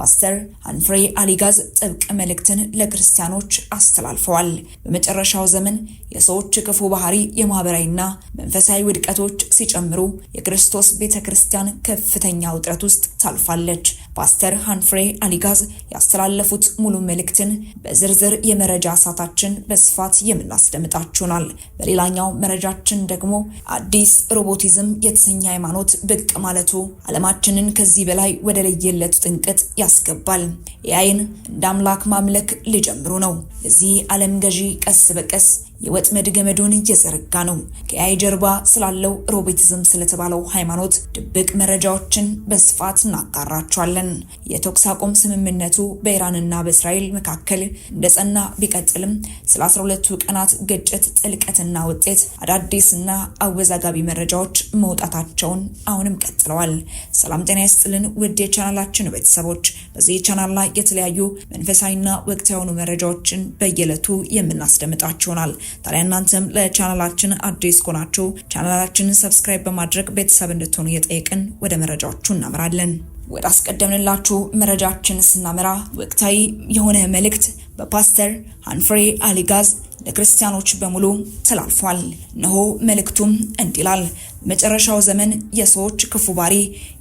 ፓስተር አንፍሬ አሊጋዝ ጥብቅ መልእክትን ለክርስቲያኖች አስተላልፈዋል። በመጨረሻው ዘመን የሰዎች ክፉ ባህሪ፣ የማህበራዊና መንፈሳዊ ውድቀቶች ሲጨምሩ የክርስቶስ ቤተ ክርስቲያን ከፍተኛ ውጥረት ውስጥ ታልፋለች። ፓስተር ሃንፍሬ አሊጋዝ ያስተላለፉት ሙሉ መልእክትን በዝርዝር የመረጃ ሰዓታችን በስፋት የምናስደምጣችሁናል። በሌላኛው መረጃችን ደግሞ አዲስ ሮቦቲዝም የተሰኘ ሃይማኖት ብቅ ማለቱ ዓለማችንን ከዚህ በላይ ወደ ለየለት ጥንቅጥ ያስገባል። ኤአይን እንደ አምላክ ማምለክ ሊጀምሩ ነው። የዚህ ዓለም ገዢ ቀስ በቀስ የወጥመድ ገመዱን እየዘረጋ ነው። ከኤአይ ጀርባ ስላለው ሮቦቲዝም ስለተባለው ሃይማኖት ድብቅ መረጃዎችን በስፋት እናጋራቸዋለን። የተኩስ አቁም ስምምነቱ በኢራንና በእስራኤል መካከል እንደጸና ቢቀጥልም ስለ 12ቱ ቀናት ግጭት ጥልቀትና ውጤት አዳዲስና አወዛጋቢ መረጃዎች መውጣታቸውን አሁንም ቀጥለዋል። ሰላም ጤና ይስጥልን ውድ የቻናላችን ቤተሰቦች፣ በዚህ ቻናል ላይ የተለያዩ መንፈሳዊና ወቅታዊ የሆኑ መረጃዎችን በየዕለቱ የምናስደምጣችሁናል። ታዲያ እናንተም ለቻናላችን አዲስ ከሆናችሁ ቻናላችንን ሰብስክራይብ በማድረግ ቤተሰብ እንድትሆኑ እየጠየቅን ወደ መረጃዎቹ እናምራለን። ወደ አስቀደምንላችሁ መረጃችን ስናመራ ወቅታዊ የሆነ መልእክት በፓስተር ሃንፍሬ አሊጋዝ ለክርስቲያኖች በሙሉ ተላልፏል። እነሆ መልእክቱም እንዲህ ይላል። በመጨረሻው ዘመን የሰዎች ክፉ ባሪ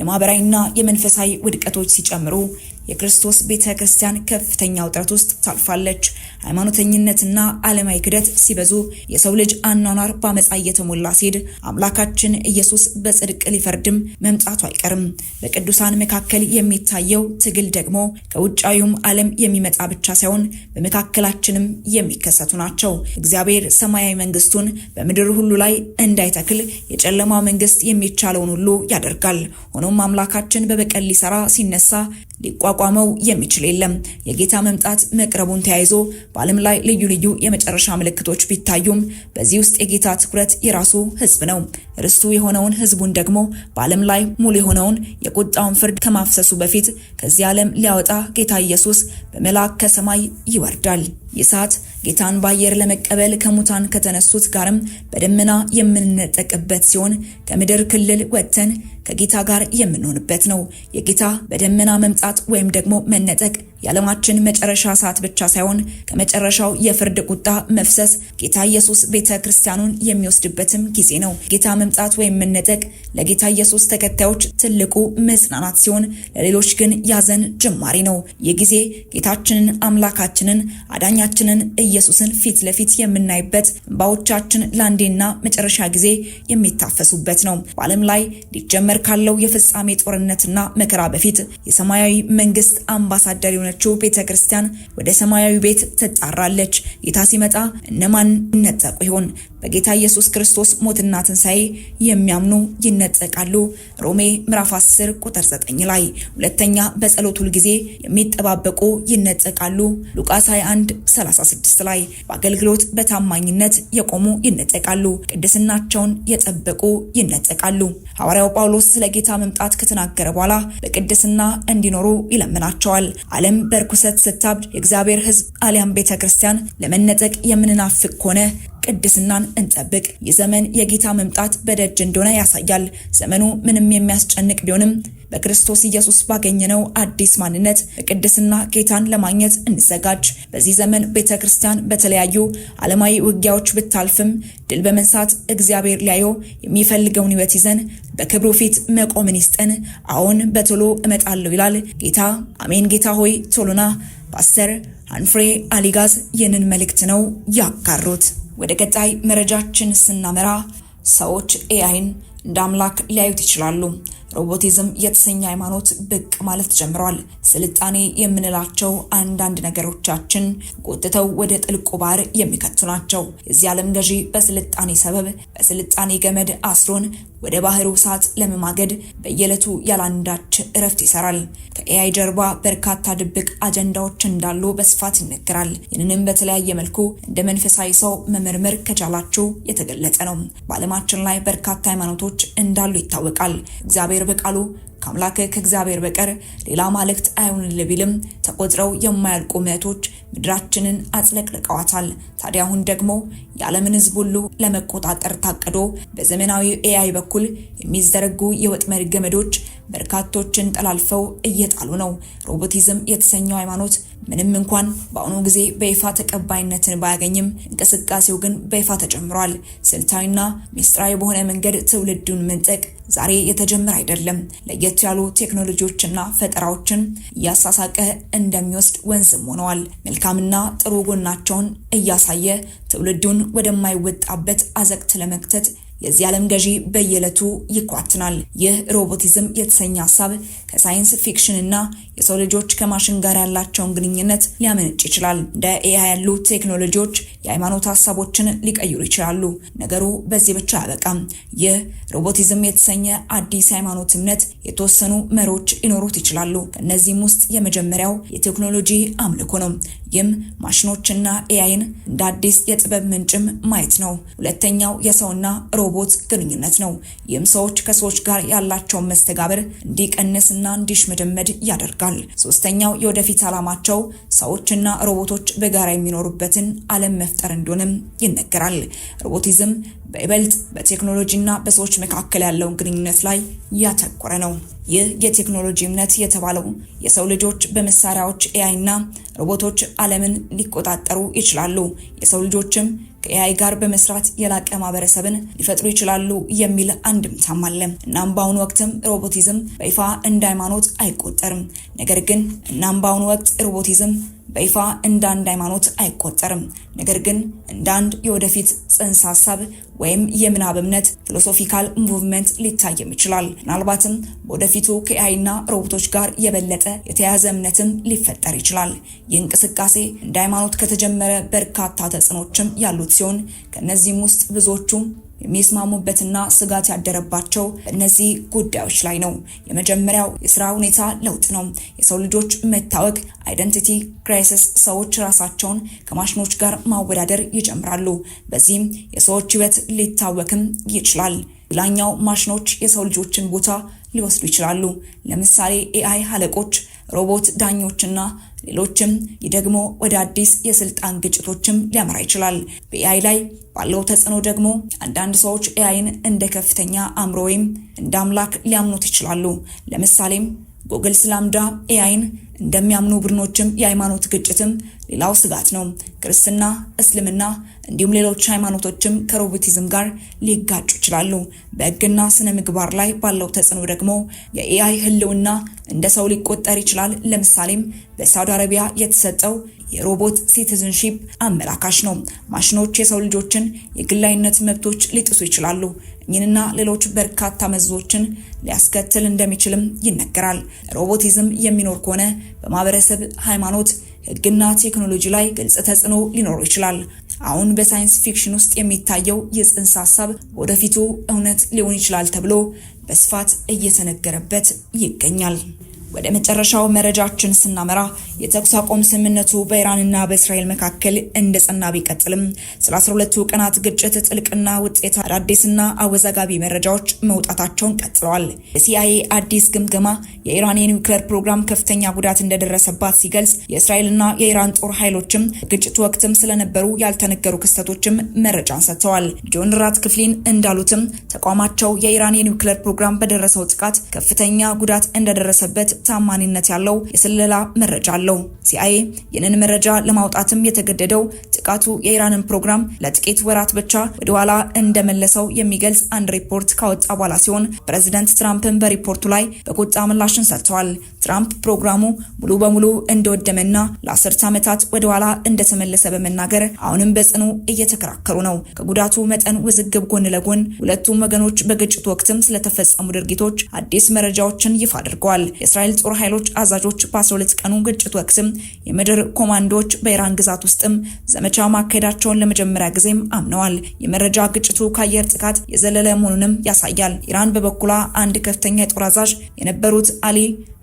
የማህበራዊና የመንፈሳዊ ውድቀቶች ሲጨምሩ የክርስቶስ ቤተ ክርስቲያን ከፍተኛ ውጥረት ውስጥ ታልፋለች። ሃይማኖተኝነትና ዓለማዊ ክደት ሲበዙ የሰው ልጅ አኗኗር በአመፃ እየተሞላ ሲሄድ አምላካችን ኢየሱስ በጽድቅ ሊፈርድም መምጣቱ አይቀርም። በቅዱሳን መካከል የሚታየው ትግል ደግሞ ከውጫዊውም ዓለም የሚመጣ ብቻ ሳይሆን በመካከላችንም የሚከሰቱ ናቸው። እግዚአብሔር ሰማያዊ መንግስቱን በምድር ሁሉ ላይ እንዳይተክል የጨለማው መንግስት የሚቻለውን ሁሉ ያደርጋል። ሆኖም አምላካችን በበቀል ሊሰራ ሲነሳ ሊቋ ሊቋቋመው የሚችል የለም። የጌታ መምጣት መቅረቡን ተያይዞ በዓለም ላይ ልዩ ልዩ የመጨረሻ ምልክቶች ቢታዩም በዚህ ውስጥ የጌታ ትኩረት የራሱ ህዝብ ነው። ርስቱ የሆነውን ህዝቡን ደግሞ በዓለም ላይ ሙሉ የሆነውን የቁጣውን ፍርድ ከማፍሰሱ በፊት ከዚህ ዓለም ሊያወጣ ጌታ ኢየሱስ በመልአከ ሰማይ ይወርዳል። ይህ ሰዓት ጌታን በአየር ለመቀበል ከሙታን ከተነሱት ጋርም በደመና የምንነጠቅበት ሲሆን ከምድር ክልል ወጥተን ከጌታ ጋር የምንሆንበት ነው። የጌታ በደመና መምጣት ወይም ደግሞ መነጠቅ የዓለማችን መጨረሻ ሰዓት ብቻ ሳይሆን ከመጨረሻው የፍርድ ቁጣ መፍሰስ ጌታ ኢየሱስ ቤተ ክርስቲያኑን የሚወስድበትም ጊዜ ነው። ጌታ መምጣት ወይም መነጠቅ ለጌታ ኢየሱስ ተከታዮች ትልቁ መጽናናት ሲሆን፣ ለሌሎች ግን ያዘን ጅማሬ ነው። ይህ ጊዜ ጌታችንን አምላካችንን አዳኛችንን ኢየሱስን ፊት ለፊት የምናይበት እንባዎቻችን ለአንዴና መጨረሻ ጊዜ የሚታፈሱበት ነው። በዓለም ላይ ሊጀመር ካለው የፍጻሜ ጦርነትና መከራ በፊት የሰማያዊ መንግስት አምባሳደር የሆነ የሆነችው ቤተ ክርስቲያን ወደ ሰማያዊ ቤት ትጣራለች። ጌታ ሲመጣ እነማን ይነጠቁ ይሆን? በጌታ ኢየሱስ ክርስቶስ ሞትና ትንሣኤ የሚያምኑ ይነጠቃሉ። ሮሜ ምዕራፍ 10 ቁጥር 9 ላይ። ሁለተኛ በጸሎት ሁል ጊዜ የሚጠባበቁ ይነጠቃሉ። ሉቃስ 21 36 ላይ። በአገልግሎት በታማኝነት የቆሙ ይነጠቃሉ። ቅድስናቸውን የጠበቁ ይነጠቃሉ። ሐዋርያው ጳውሎስ ስለ ጌታ መምጣት ከተናገረ በኋላ በቅድስና እንዲኖሩ ይለምናቸዋል። ዓለም በርኩሰት ስታብድ የእግዚአብሔር ሕዝብ አሊያም ቤተ ክርስቲያን ለመነጠቅ የምንናፍቅ ከሆነ ቅድስናን እንጠብቅ። ይህ ዘመን የጌታ መምጣት በደጅ እንደሆነ ያሳያል። ዘመኑ ምንም የሚያስጨንቅ ቢሆንም በክርስቶስ ኢየሱስ ባገኘነው አዲስ ማንነት በቅድስና ጌታን ለማግኘት እንዘጋጅ። በዚህ ዘመን ቤተ ክርስቲያን በተለያዩ ዓለማዊ ውጊያዎች ብታልፍም ድል በመንሳት እግዚአብሔር ሊያየው የሚፈልገውን ሕይወት ይዘን በክብሩ ፊት መቆምን ይስጠን። አሁን በቶሎ እመጣለሁ ይላል ጌታ። አሜን። ጌታ ሆይ ቶሎና ፓስተር አንፍሬ አሊጋዝ ይህንን መልእክት ነው ያጋሩት። ወደ ቀጣይ መረጃችን ስናመራ ሰዎች ኤአይን እንደ አምላክ ሊያዩት ይችላሉ። ሮቦቲዝም የተሰኘ ሃይማኖት ብቅ ማለት ጀምረዋል። ስልጣኔ የምንላቸው አንዳንድ ነገሮቻችን ጎትተው ወደ ጥልቁ ባህር የሚከቱ ናቸው። የዚህ ዓለም ገዢ በስልጣኔ ሰበብ በስልጣኔ ገመድ አስሮን ወደ ባህሩ እሳት ለመማገድ በየዕለቱ ያላንዳች እረፍት ይሰራል። ከኤአይ ጀርባ በርካታ ድብቅ አጀንዳዎች እንዳሉ በስፋት ይነገራል። ይህንንም በተለያየ መልኩ እንደ መንፈሳዊ ሰው መመርመር ከቻላችሁ የተገለጸ ነው። በዓለማችን ላይ በርካታ ሃይማኖቶች እንዳሉ ይታወቃል። እግዚአብሔር እግዚአብሔር በቃሉ ከአምላክ ከእግዚአብሔር በቀር ሌላ ማለክት አይሁንልህ ቢልም ተቆጥረው የማያልቁ ምዕቶች ምድራችንን አጽለቅልቀዋታል። ታዲያ አሁን ደግሞ የዓለምን ሕዝብ ሁሉ ለመቆጣጠር ታቅዶ በዘመናዊ ኤአይ በኩል የሚዘረጉ የወጥመድ ገመዶች በርካቶችን ጠላልፈው እየጣሉ ነው። ሮቦቲዝም የተሰኘው ሃይማኖት ምንም እንኳን በአሁኑ ጊዜ በይፋ ተቀባይነትን ባያገኝም እንቅስቃሴው ግን በይፋ ተጨምሯል። ስልታዊና ሚስጥራዊ በሆነ መንገድ ትውልዱን መንጠቅ ዛሬ የተጀመረ አይደለም። ለየ ለየት ያሉ ቴክኖሎጂዎችና ፈጠራዎችን እያሳሳቀ እንደሚወስድ ወንዝም ሆነዋል። መልካምና ጥሩ ጎናቸውን እያሳየ ትውልዱን ወደማይወጣበት አዘቅት ለመክተት የዚህ ዓለም ገዢ በየዕለቱ ይኳትናል። ይህ ሮቦቲዝም የተሰኘ ሀሳብ ከሳይንስ ፊክሽን እና የሰው ልጆች ከማሽን ጋር ያላቸውን ግንኙነት ሊያመነጭ ይችላል። እንደ ኤአይ ያሉ ቴክኖሎጂዎች የሃይማኖት ሀሳቦችን ሊቀይሩ ይችላሉ። ነገሩ በዚህ ብቻ አያበቃም። ይህ ሮቦቲዝም የተሰኘ አዲስ ሃይማኖት እምነት የተወሰኑ መሪዎች ሊኖሩት ይችላሉ። ከእነዚህም ውስጥ የመጀመሪያው የቴክኖሎጂ አምልኮ ነው። ይህም ማሽኖችና ኤአይን እንደ አዲስ የጥበብ ምንጭም ማየት ነው። ሁለተኛው የሰውና ሮቦት ግንኙነት ነው። ይህም ሰዎች ከሰዎች ጋር ያላቸውን መስተጋብር እንዲቀንስና እንዲሽመደመድ ያደርጋል። ሶስተኛው የወደፊት ዓላማቸው ሰዎችና ሮቦቶች በጋራ የሚኖሩበትን ዓለም መፍጠር እንደሆነም ይነገራል። ሮቦቲዝም በይበልጥ በቴክኖሎጂ እና በሰዎች መካከል ያለውን ግንኙነት ላይ ያተኮረ ነው። ይህ የቴክኖሎጂ እምነት የተባለው የሰው ልጆች በመሳሪያዎች ኤአይ እና ሮቦቶች ዓለምን ሊቆጣጠሩ ይችላሉ፣ የሰው ልጆችም ከኤአይ ጋር በመስራት የላቀ ማህበረሰብን ሊፈጥሩ ይችላሉ የሚል አንድምታም አለ። እናም በአሁኑ ወቅትም ሮቦቲዝም በይፋ እንደ ሃይማኖት አይቆጠርም። ነገር ግን እናም በአሁኑ ወቅት ሮቦቲዝም በይፋ እንደ አንድ ሃይማኖት አይቆጠርም። ነገር ግን እንደ አንድ የወደፊት ጽንሰ ሀሳብ ወይም የምናብ እምነት ፊሎሶፊካል ሙቭመንት ሊታይም ይችላል። ምናልባትም በወደፊቱ ከኤአይና ሮቦቶች ጋር የበለጠ የተያያዘ እምነትም ሊፈጠር ይችላል። ይህ እንቅስቃሴ እንደ ሃይማኖት ከተጀመረ በርካታ ተጽዕኖችም ያሉት ሲሆን ከእነዚህም ውስጥ ብዙዎቹም የሚስማሙበትና ስጋት ያደረባቸው እነዚህ ጉዳዮች ላይ ነው። የመጀመሪያው የስራ ሁኔታ ለውጥ ነው። የሰው ልጆች መታወቅ አይደንቲቲ ክራይሲስ ሰዎች ራሳቸውን ከማሽኖች ጋር ማወዳደር ይጀምራሉ። በዚህም የሰዎች ህይወት ሊታወክም ይችላል። ሌላኛው ማሽኖች የሰው ልጆችን ቦታ ሊወስዱ ይችላሉ። ለምሳሌ ኤአይ አለቆች ሮቦት ዳኞችና ሌሎችም። ይህ ደግሞ ወደ አዲስ የስልጣን ግጭቶችም ሊያመራ ይችላል። በኤአይ ላይ ባለው ተጽዕኖ ደግሞ አንዳንድ ሰዎች ኤአይን እንደ ከፍተኛ አእምሮ ወይም እንደ አምላክ ሊያምኑት ይችላሉ። ለምሳሌም ጎግል ስላምዳ ኤአይን እንደሚያምኑ ቡድኖችም የሃይማኖት ግጭትም ሌላው ስጋት ነው። ክርስትና፣ እስልምና እንዲሁም ሌሎች ሃይማኖቶችም ከሮቦቲዝም ጋር ሊጋጩ ይችላሉ። በህግና ስነ ምግባር ላይ ባለው ተጽዕኖ ደግሞ የኤአይ ህልውና እንደ ሰው ሊቆጠር ይችላል። ለምሳሌም በሳውዲ አረቢያ የተሰጠው የሮቦት ሲቲዝንሺፕ አመላካሽ ነው። ማሽኖች የሰው ልጆችን የግላዊነት መብቶች ሊጥሱ ይችላሉ። እኝንና ሌሎች በርካታ መዘዞችን ሊያስከትል እንደሚችልም ይነገራል። ሮቦቲዝም የሚኖር ከሆነ በማህበረሰብ ሃይማኖት ህግና ቴክኖሎጂ ላይ ግልጽ ተጽዕኖ ሊኖረው ይችላል። አሁን በሳይንስ ፊክሽን ውስጥ የሚታየው የጽንሰ ሀሳብ ወደፊቱ እውነት ሊሆን ይችላል ተብሎ በስፋት እየተነገረበት ይገኛል። ወደ መጨረሻው መረጃችን ስናመራ የተኩስ አቁም ስምምነቱ በኢራንና በእስራኤል መካከል እንደ ጸና ቢቀጥልም ስለ 12ቱ ቀናት ግጭት ጥልቅና ውጤት አዳዲስና አወዛጋቢ መረጃዎች መውጣታቸውን ቀጥለዋል። የሲአይኤ አዲስ ግምገማ የኢራን የኒውክሌር ፕሮግራም ከፍተኛ ጉዳት እንደደረሰባት ሲገልጽ፣ የእስራኤልና የኢራን ጦር ኃይሎችም ግጭቱ ወቅትም ስለነበሩ ያልተነገሩ ክስተቶችም መረጃን ሰጥተዋል። ጆን ክፍሊን እንዳሉትም ተቋማቸው የኢራን የኒውክሌር ፕሮግራም በደረሰው ጥቃት ከፍተኛ ጉዳት እንደደረሰበት ታማኒነት ያለው የስለላ መረጃ አለው። ሲአይኤ ይህንን መረጃ ለማውጣትም የተገደደው ጥቃቱ የኢራንን ፕሮግራም ለጥቂት ወራት ብቻ ወደ ኋላ እንደመለሰው የሚገልጽ አንድ ሪፖርት ካወጣ በኋላ ሲሆን ፕሬዚደንት ትራምፕን በሪፖርቱ ላይ በቁጣ ምላሽን ሰጥተዋል። ትራምፕ ፕሮግራሙ ሙሉ በሙሉ እንደወደመና ለአስርት ዓመታት ወደ ኋላ እንደተመለሰ በመናገር አሁንም በጽኑ እየተከራከሩ ነው። ከጉዳቱ መጠን ውዝግብ ጎን ለጎን ሁለቱም ወገኖች በግጭቱ ወቅትም ስለተፈጸሙ ድርጊቶች አዲስ መረጃዎችን ይፋ አድርገዋል። የእስራኤል የእስራኤል ጦር ኃይሎች አዛዦች በ12 ቀኑ ግጭት ወቅትም የምድር ኮማንዶዎች በኢራን ግዛት ውስጥም ዘመቻ ማካሄዳቸውን ለመጀመሪያ ጊዜም አምነዋል። የመረጃ ግጭቱ ከአየር ጥቃት የዘለለ መሆኑንም ያሳያል። ኢራን በበኩሏ አንድ ከፍተኛ የጦር አዛዥ የነበሩት አሊ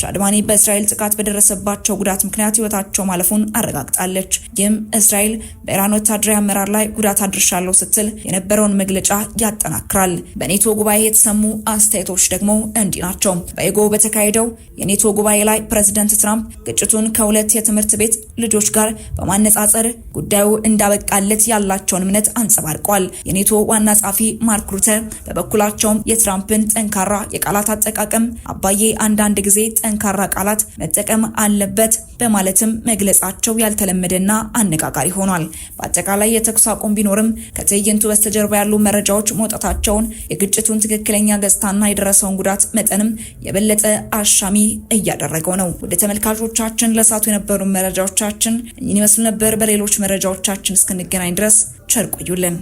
ሻድማኒ በእስራኤል ጥቃት በደረሰባቸው ጉዳት ምክንያት ህይወታቸው ማለፉን አረጋግጣለች። ይህም እስራኤል በኢራን ወታደራዊ አመራር ላይ ጉዳት አድርሻለሁ ስትል የነበረውን መግለጫ ያጠናክራል። በኔቶ ጉባኤ የተሰሙ አስተያየቶች ደግሞ እንዲህ ናቸው። በኤጎ በተካሄደው የኔቶ ጉባኤ ላይ ፕሬዚደንት ትራምፕ ግጭቱን ከሁለት የትምህርት ቤት ልጆች ጋር በማነጻጸር ጉዳዩ እንዳበቃለት ያላቸውን እምነት አንጸባርቋል። የኔቶ ዋና ጸሐፊ ማርክ ሩተ በበኩላቸውም የትራምፕን ጠንካራ የቃላት አጠቃቀም አባዬ አንዳንድ ጊዜ ጠንካራ ቃላት መጠቀም አለበት በማለትም መግለጻቸው ያልተለመደና አነጋጋሪ ሆኗል። በአጠቃላይ የተኩስ አቁም ቢኖርም ከትዕይንቱ በስተጀርባ ያሉ መረጃዎች መውጣታቸውን የግጭቱን ትክክለኛ ገጽታና የደረሰውን ጉዳት መጠንም የበለጠ አሻሚ እያደረገው ነው። ወደ ተመልካቾቻችን ለሳቱ የነበሩ መረጃዎቻችን እኚህን ይመስሉ ነበር። በሌሎች መረጃዎቻችን እስክንገናኝ ድረስ ቸር ቆዩልን።